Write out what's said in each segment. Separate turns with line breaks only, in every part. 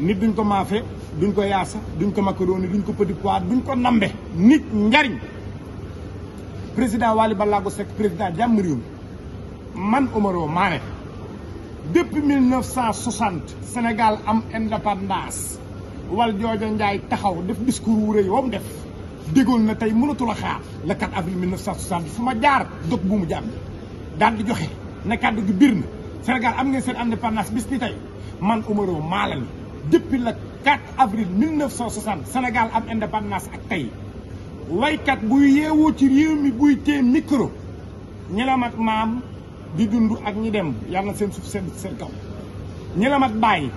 nit duñ ko mafé duñ ko yaasa duñ ko makaroni duñ ko petit pois duñ ko nambé nit njariñ président Wally Ballago sek président jàmm rew man Omaro Mané depuis 1960 Sénégal am indépendance wal jojo ndjay taxaw def discours wu rëy wam def déggoon na tay mënatul a xaar le 4 avril 1960 fuma jaar dok bu mu jàmm dal di joxe ne kaddu gi birna Sénégal am ngeen sen indépendance bis ni tay man Omaro Mané depuis le 4 avril 1960 Sénégal am indépendance ak way kat bu yewu ci rew mi buy tee micro ñela mat mam di dundu ak ñi dem yalla seen suuf sedd ci seen kaw ñela mat bay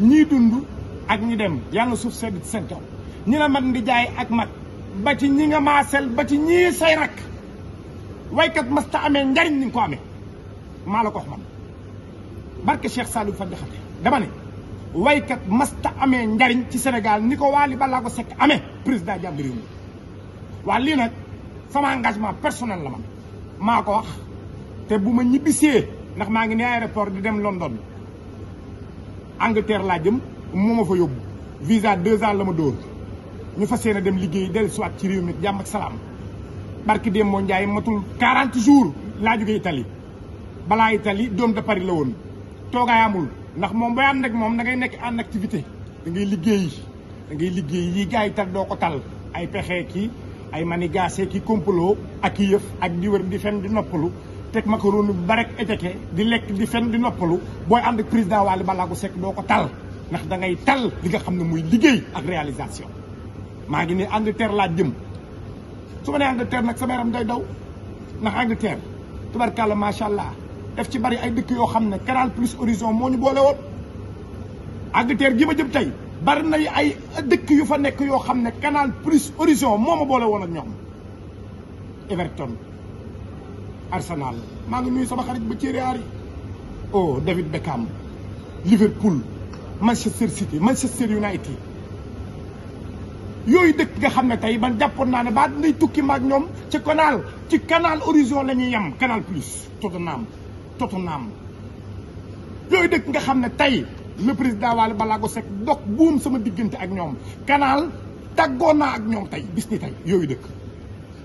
ñi dundu ak ñi dem yalla suuf sedd ci seen kaw ñela mat ndi jaay ak mat ba ci ñi nga maasel ba ci ñi say rak kat masta amé ndariñ ni ko amé maa ko wax man barke Cheikh salou fadi jaxate dama ne waykat masta amee njariñ ci Sénégal ni ko Waly ko Seck amee président jàpp réew waa lii nag sama engagement personnel la man maa ko wax te bu ma ñibbisee ndax maa ngi ne aéroport di dem London Angleterre laa jëm moo ma fa yóbbu visa deux ans la ma dóor ñu fas yéene dem liggéey dellusiwaat ci réew mi jàmm ak salaam barki démb moo Ndiaye matul 40 jours laa jóge Italie balaa Italie doom de Paris la woon toogaay ndax moom bay ànd ak moom da ngay nekk en activité da ngay liggéey da ngay liggéey yi gars yi tal doo ko tal ay pexe ki ay manigaase ki complot ak i yëf ak di wër di fen di noppalu teg macaroni bi ba rek éteke di lekk di fen di noppalu booy ànd ak président Wally Ballago Seck doo ko tal ndax da ngay tal li nga xam ne muy liggéey ak réalisation maa ngi ne Angleterre laa jëm su ma nee Angleterre nag sama yaram day daw ndax Angleterre tubarkalla macha allah. daf ci bari ay dëkk yoo xam ne Canal plus Horizon moo ñu boole woon. Angleterre gi ma jëm tey bari na ay dëkk yu fa nekk yoo xam ne Canal plus Horizon moo ma boole woon ak ñoom Everton Arsenal maa ngi nuyu sama xarit ba Thierry yi oh David Beckham Liverpool Manchester City Manchester United yooyu dëkk nga xam ne tey man jàppoon naa ne ba dinay tukki maag ñoom ci canal ci canal horizon la ñuy yem canal plus Tottenham Tottenham yooyu dëkk nga xam ne tey le président Waly Balago sek dok boom sama diggante ak ñoom canal tàggoon naa ak ñoom tay bis ni tey yooyu dëkk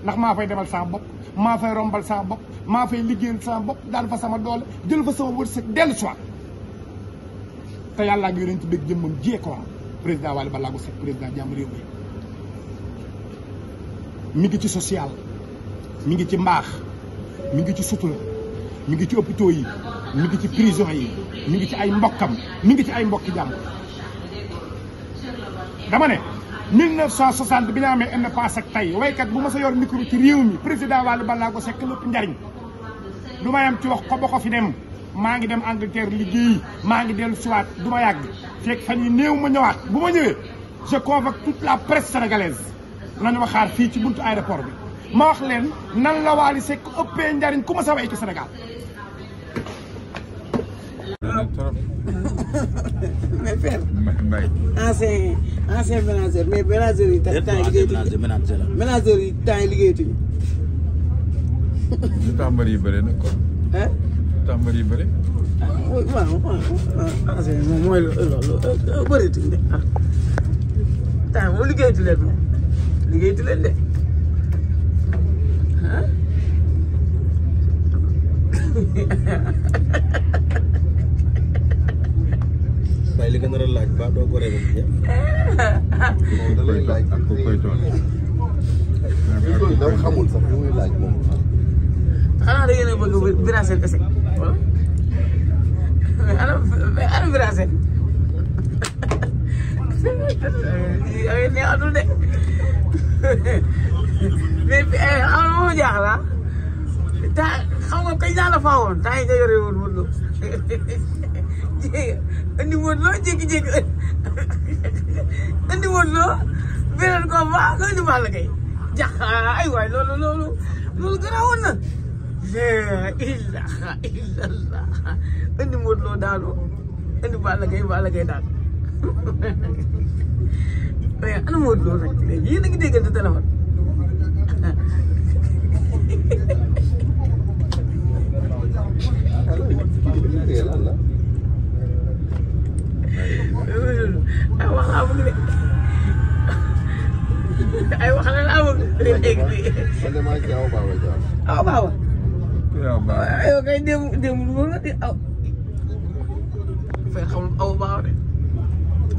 ndax maa fay demal sama bopp maa fay rombal sama bopp maa fay liggéeyal sama bopp daan fa sama doole jël fa sama wërsëg dellu soit te yàllaa ngi yonent bëgg jëmmam jiyee ko am président Waly Balago sek président jàmm réew mi mi ngi ci social mi ngi ci mbaax mi ngi ci sutura mi ngi ci hôpitaux yi mi ngi ci prison yi mi ngi ci ay mbokam mi ngi ci ay mbokki jàmm dama ne 1960 bi amé en indépendance ak way kat bu ma sa yor micro ci réew mi président walu Ballago Seck lépp njariñ du ma yam ci wax ko boko fi dem ma ngi dem Angleterre liggéeyi ma ngi del siwaat duma yag fek fan yi néew ma ñewat bu ma ñewé je convoque toute la presse sénégalaise nañu xaar ci buntu aéroport bi ma wax len nan la wali Seck ëppee ndariñ kuma sa way ci Sénégal Ah. mais père. Mbaye. ancien ancien manager mais manager yi. temps yi manager yi temps yi liggéeyatuñu. lu tax mbër yi bëri nag quoi. ah. lu tax mbër yi bëri. ah oui waaw waaw ancien ah, moom mooy loolu bëreetuñu de ah. temps boobu liggéeyatu leen moom liggéeyatu leen de ah. xamul sax lu muy laaj moom. xanaa da ngeen a bëgg ana mais ana moom jaaxal ah. taa xam nga kañ la faawoon taa yi nga yore woon andi woon loo jékki-jékki andi woon loo beneen ko ma nga andi Balla Gaye jax waay loolu loolu loolu na laa ilaaha illallah andi woon loo daanu andi Balla Gaye Balla Gaye daanu mais ana woon loo nag léegi yéen a ngi déggante ay wax la laa bëgg léegi. man aw baawa jaar. aw baawa. aw baawa yow lu wër la di aw. fay xamul aw baawa de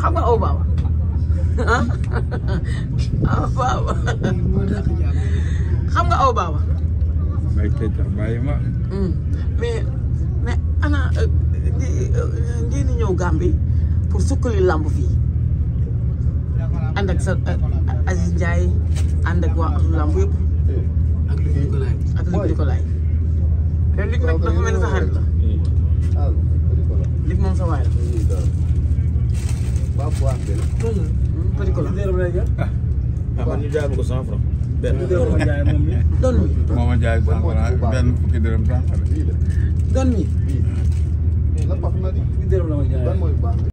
xam nga aw baawa aw baawa xam nga aw baawa. may tëj tax ma. Mm. mais mais ana euh, di euh, di ñëw Gambie pour sukkali lamb fii. Anda ak sa Aziz Ndiaye ànd ak waa lamb yëpp. ak Luc Nicolaï. ak Luc Nicolaï. léegi Luc nag dafa mel ni sa xarit la. Luc moom sa waay la. Péticola. Hmm, ah ko cent franc. benn don mi. moom a jaay